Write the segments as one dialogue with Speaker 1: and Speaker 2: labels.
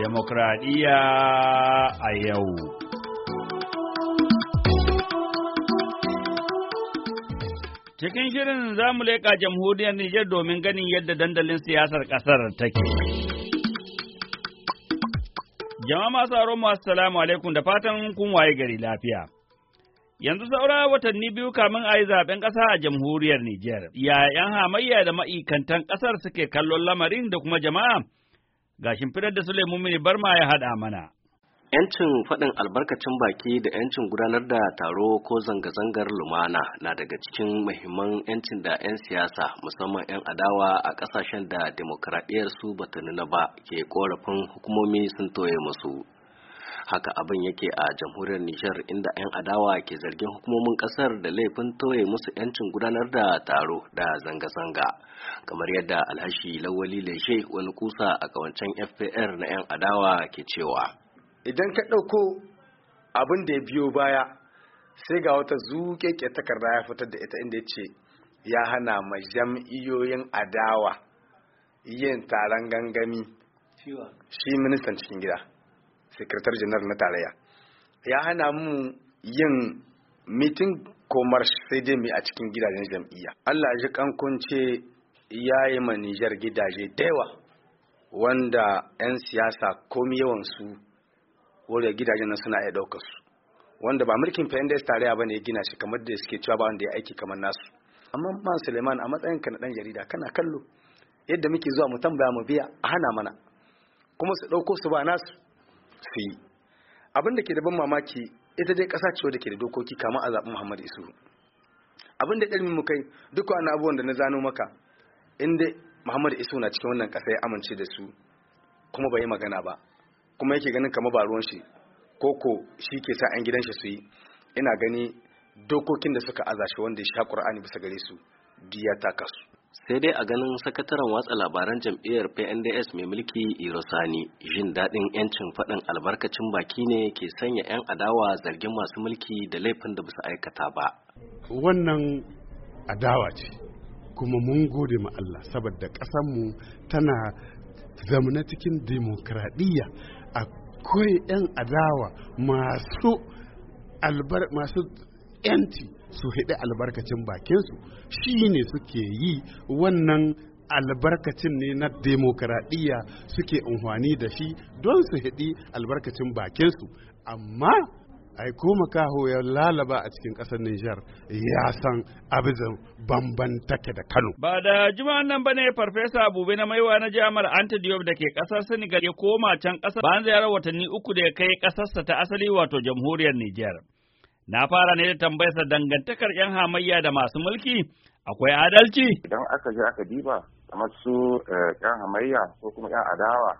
Speaker 1: demokradiyya a yau. Cikin shirin za mu leƙa jamhuriyar Nijar domin ganin yadda dandalin siyasar ƙasar take. Jama'a masu aron masu salamu alaikum da fatan kun waye gari lafiya. Yanzu saura watanni biyu kamin a yi zaben ƙasa a jamhuriyar Nijar, ya 'yan hamayya da ma'ikantan ƙasar suke kallon lamarin da kuma jama'a ga shimfidar da Suleiman Mini ma ya haɗa mana.
Speaker 2: Yancin faɗin albarkacin baki da yancin gudanar da taro ko zanga-zangar lumana na daga cikin muhimman yancin da 'yan siyasa musamman 'yan adawa a ƙasashen da demokradiyyar su bata nuna ba ke korafin hukumomi sun toye musu. haka abin yake a jamhuriyar nijar inda 'yan adawa ke zargin hukumomin kasar da laifin toye musu 'yancin gudanar da taro da zanga-zanga kamar yadda alhashi lawali leshe wani kusa a kawancen fpr na 'yan adawa ke cewa idan ka ɗauko abin da ya biyo baya sai ga wata zuƙeƙe takarda ya fitar da ita inda ya ce ya hana ma jam'iyyoyin adawa yin taron gangami shi ministan cikin gida sekretar janar na tarayya ya hana mu yin mitin komar sai dai a cikin gidajen jam'iyya Allah ji kankunce ya yi ma Nijar gidaje da yawa wanda 'yan siyasa komi yawan su wadda gidajen nan suna iya ɗaukar su wanda ba mulkin PNDS tarayya ba ne ya gina shi kamar da suke cewa ba wanda ya aiki kamar nasu amma man Suleiman a matsayin ka na dan jarida kana kallo yadda muke zuwa mu tambaya mu biya a hana mana kuma su ɗauko su ba nasu su abin da ke da ban mamaki ita dai ƙasa ce da ke da dokoki kama a zaɓi muhammad isu abin da ilmin mu kai duka wani abubuwan da na zano maka inda muhammad isu na cikin wannan ƙasa ya amince da su kuma bai yi magana ba kuma yake ganin kama ba ruwan shi ko ko shi ke sa 'yan gidan shi su yi ina gani dokokin da suka aza wanda ya sha ƙur'ani bisa gare su duk ya taka sai dai a ganin sakataren watsa labaran jam'iyyar pnds mai mulki irosani jin daɗin 'yancin faɗin albarkacin baki ne ke sanya 'yan adawa zargin masu mulki da laifin da basu aikata ba wannan adawa ce kuma mun gode ma Allah saboda ƙasarmu tana zamana cikin demokradiyya akwai 'yan adawa masu albar masu 'yanci su hidi albarkacin bakinsu shi ne suke yi wannan albarkacin ne na demokaradiyya suke unhwani da shi don su hidi albarkacin bakinsu amma ai koma makaho ya lalaba a cikin ƙasar Nijar ya san abin bamban take da Kano.
Speaker 1: Ba da juma nan bane Farfesa Bube na Maiwa na Jami'ar Anta da ke ƙasar Senegal ya koma can ƙasar bayan ziyarar watanni uku da ya kai ƙasarsa ta asali wato Jamhuriyar Nijar. Na fara ne da tambayarsa dangantakar 'yan hamayya da masu mulki akwai adalci?
Speaker 3: Idan aka je aka diba kamar su eh, 'yan hamayya ko kuma 'yan adawa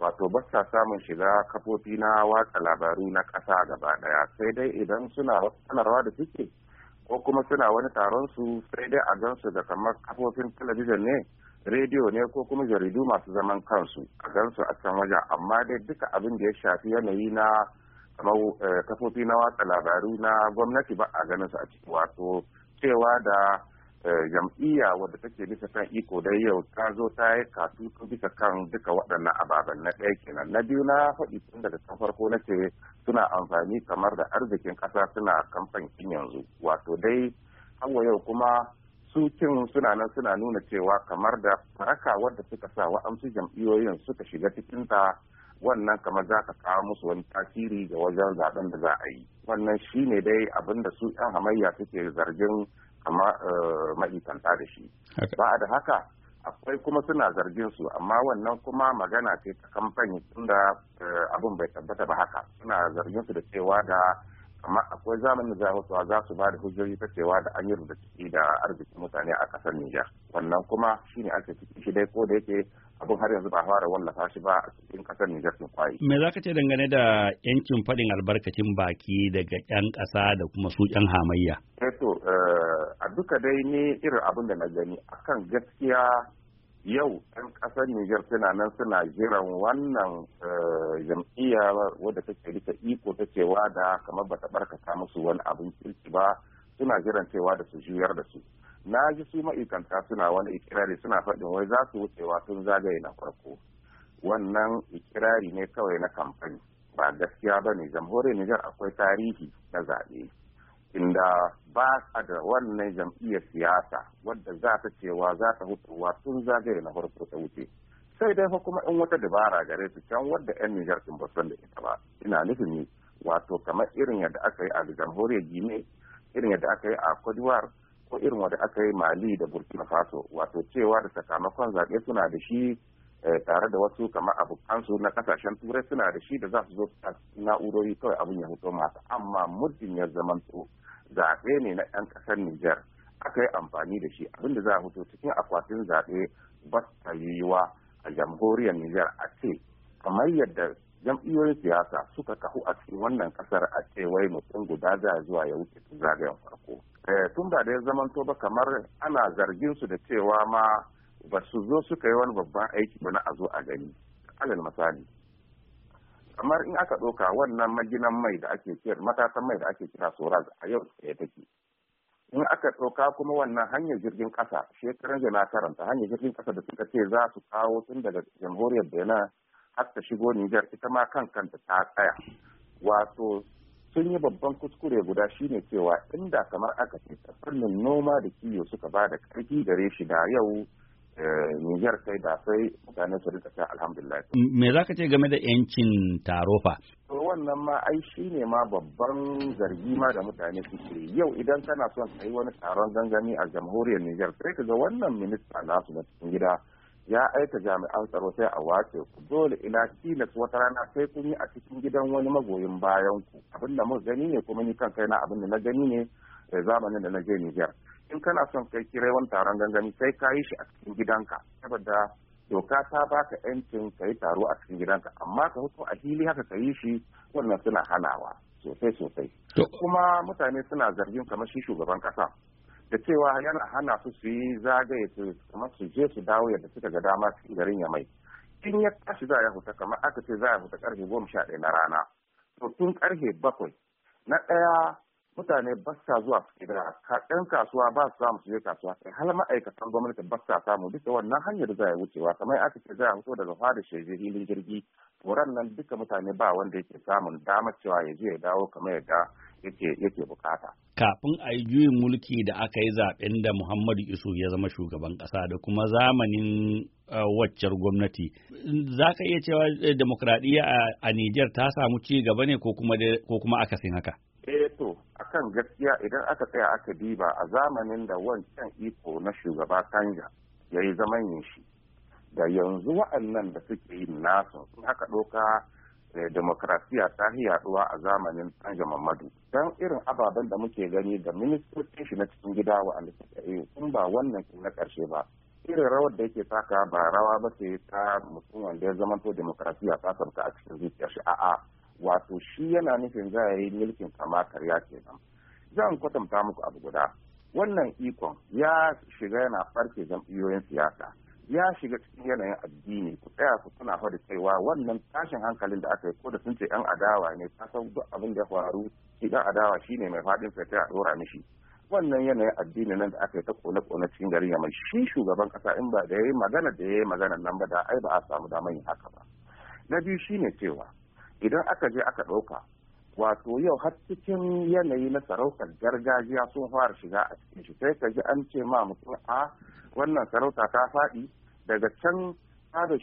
Speaker 3: wato ba sa samun shiga kafofi na watsa labaru na ƙasa gaba ɗaya sai dai idan suna sanarwa da suke ko kuma suna wani taron su sai dai a gansu da kamar kafofin talabijin ne rediyo ne ko kuma jaridu masu zaman kansu a gansu a can wajen amma dai duka abin da ya shafi yanayi na kamar eh, kafofi na watsa labaru na gwamnati ba a ganin su a ciki wato cewa da eh, jam'iyya wadda take bisa kan iko dai yau ta zo ta yi katutu bisa kan duka waɗannan ababen na ɗaya kenan na biyu na faɗi tun daga kan farko na ce suna amfani kamar da arzikin ƙasa suna kamfan yanzu wato dai hawa yau kuma su cin suna nan suna nuna cewa kamar da faraka wadda suka sa wa'amsu jam'iyyoyin suka shiga cikinta wannan kamar za ka kawo musu wani tasiri ga wajen zaben da za a yi wannan shi ne dai abin da su yan hamayya suke zargin kama eh, ma'aikanta da shi ba da haka akwai kuma suna zargin su amma wannan kuma magana ce ta kamfani tunda eh, abin bai tabbata ba haka suna zargin su da cewa da amma akwai zamanin da za za su ba da hujjoji ta cewa da an yi rubuta ciki da arziki mutane a kasar Nijar wannan kuma shine ake ciki shi dai ko da yake abin har yanzu ba fara wallafa shi ba a cikin kasar Nijar sun kwaye.
Speaker 1: Me za ka ce dangane da yankin faɗin albarkacin baki daga ƴan ƙasa da kuma su ƴan hamayya?
Speaker 3: Eto, eh eh, a duka dai ne irin abin da na gani a kan gaskiya yau ƴan ƙasar Nijar suna nan suna jiran wannan eh, jam'iyya wadda take rike iko ta cewa da kamar bata barkata musu wani abin kirki ba suna jiran cewa da su juyar da su. na ji su ma'aikanta suna wani ikirari suna faɗin wai za su wucewa tun zagaye na farko wannan ikirari ne kawai na kamfani ba gaskiya ba ne jamhuriyar nijar akwai tarihi na zaɓe inda ba a da wannan jam'iyyar siyasa wadda za ta cewa za ta hutuwa tun zagaye na farko ta wuce sai dai kuma in wata dabara gare su can wadda 'yan nijar sun basu da ita ba ina nufin wato kamar irin yadda aka yi a jamhuriyar gine irin yadda aka yi a cote ko irin wanda aka yi mali da burkina faso wato cewa da sakamakon zaɓe suna da shi eh, tare da wasu kamar abokansu na kasashen turai suna da shi da za su zo na'urori kawai abin ya hutu masu amma muddin ya zamanto zaɓe ne na 'yan kasar Niger aka yi amfani da shi abin da za a fito cikin akwatin zaɓe ba ta yiwuwa a jamhuriyar Niger a ce kamar yadda jam'iyyoyin siyasa suka kahu a cikin wannan kasar a ce wai mutum guda za zuwa ya wuce zagayen farko Eh, tun da da ya zamanto ba kamar ana zargin su da cewa ma ba su zo suka yi wani babban aiki ba na a zo a gani alal misali kamar in aka ɗauka wannan maginan mai da ake kira matasan mai da ake kira soraz a yau ya take in aka ɗauka kuma wannan hanyar jirgin ƙasa shekaran jana karanta hanyar jirgin ƙasa da suka ce za su kawo tun daga jamhuriyar benin har ta shigo nijar ita ma kan kanta ta tsaya wato sun yi babban kuskure guda shine cewa inda kamar aka ce fannin noma da kiwo suka ba da karfi da shi da yau eh, Niger sai da sai mutane su rika ta alhamdulillah.
Speaker 1: Me za ka ce game da yancin taro fa?
Speaker 3: To wannan ma ai shi ne ma babban zargi ma da mutane suke yau idan kana son ka wani taron gangami a jamhuriyar Niger sai ka ga wannan minista nasu na cikin gida ya aika jami'an tsaro sai a wace ku dole ina tilas wata rana sai kun yi a cikin gidan wani magoyin bayan ku abin da muka gani ne kuma ni kan kaina abin da na gani ne eh, zamanin da na je Nijar in kana son kai kira wani taron gangami sai ka yi shi a cikin gidanka saboda doka ta baka yancin ka yi taro a cikin gidanka amma ka fito a hili haka ka yi shi wannan suna hanawa sosai sosai kuma mutane suna zargin kamar shi shugaban kasa da cewa yana hana su su yi zagaye su kamar su je su dawo yadda suka ga dama cikin garin ya mai in ya tashi za ya huta kamar aka ce za ya huta karfe goma sha ɗaya na rana to tun karfe bakwai na ɗaya mutane ba sa zuwa su gida ɗan kasuwa ba su samu su je kasuwa kai har ma'aikatan gwamnati ba sa samu duka wannan hanyar za ya wucewa kamar aka ce za ya huto daga fada shege hilin jirgi to nan duka mutane ba wanda yake samun damar cewa ya je ya dawo kamar yadda yake bukata.
Speaker 1: Kafin a yi juyin mulki da aka yi zaɓen da Muhammadu Isu ya zama shugaban ƙasa da kuma zamanin uh, waccar gwamnati. Za ka iya cewa eh, demokradiyya a Nijar ta samu ci gaba ne ko kuma akasin haka?
Speaker 3: Eh to, akan gaskiya idan aka tsaya aka diba a zamanin da wancan iko na shugaba Kanja ya yi zaman yin shi. Da yanzu wa'annan da suke yin nasu in aka ɗauka Eh, demokrasiya ta yi yaduwa a zamanin Sanja Mamadu. Don irin ababen da muke gani da ministocin shi na cikin gida wa suka yi in ba wannan na ƙarshe ba. Irin rawar da yake taka ba rawa ba ce ta mutum wanda ya zamanto demokrasiya ta sauka a cikin zuciyar shi a'a wato shi yana nufin za yi mulkin kama karya kenan. Zan kwatanta muku abu guda. Wannan ikon ya shiga yana farke jam'iyyoyin siyasa. ya shiga cikin yanayin addini ku tsaya ku tuna fa cewa wannan tashin hankalin da aka yi ko da sun ce yan adawa ne ta san duk abin da faru shi dan adawa shine mai faɗin sai a dora mishi wannan yanayin addini nan da aka yi ta kone kone cikin garin mai shi shugaban kasa in ba da yayi magana da yi magana nan ba da ai ba a samu damar yin haka ba na biyu shine cewa idan aka je aka ɗauka wato yau har cikin yanayi na sarautar gargajiya sun fara shiga a cikin shi sai ka ji an ce ma mutum a ah, wannan sarauta ta faɗi daga can nata eh,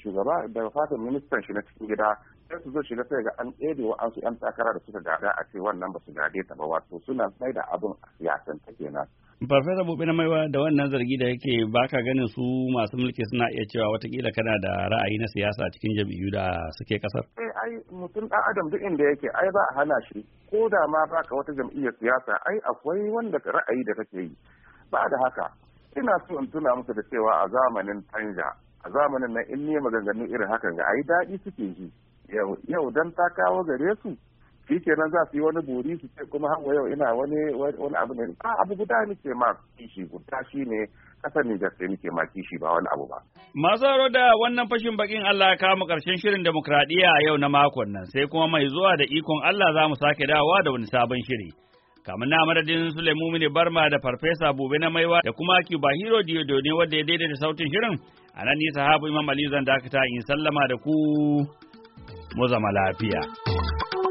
Speaker 3: shugaba daga fatan ministan shi na cikin gida sai su zo shiga sai ga an ɗebe wa su yan takara da suka gada a ce wannan ba su gade ta ba wato suna sai da abin a siyasan ta kenan.
Speaker 1: Farfesa Bobe na Maiwa da wannan zargi da yake baka ganin su masu mulki suna iya cewa watakila kana da ra'ayi na siyasa cikin jam'iyyu da suke kasar.
Speaker 3: Eh ai mutum ɗan adam duk inda yake ai ba a hana shi ko da ma baka wata jam'iyyar siyasa ai akwai wanda ra'ayi da kake yi ba da haka ina so in tuna musu da cewa a zamanin tanja a zamanin nan in ne maganganu irin hakan ga ayi daɗi suke ji yau dan ta kawo gare su shi kenan za su yi wani buri su ce kuma hawa yau ina wani abu ne a abu guda nake ma kishi guda shi ne kasar Nijar sai muke ma kishi ba wani abu ba.
Speaker 1: Masu haro da wannan fashin bakin Allah ya kama karshen shirin demokradiyya a yau na makon nan sai kuma mai zuwa da ikon Allah za mu sake dawowa da wani sabon shiri. kamar na madadin Sulaimu Mini Barma da Farfesa Bube na Maiwa da kuma Cuba Bahiro Diodo ne wanda ya daidaita sautin shirin. A nan ni sahabu Imam Ali zan dakata in sallama da ku mu zama lafiya.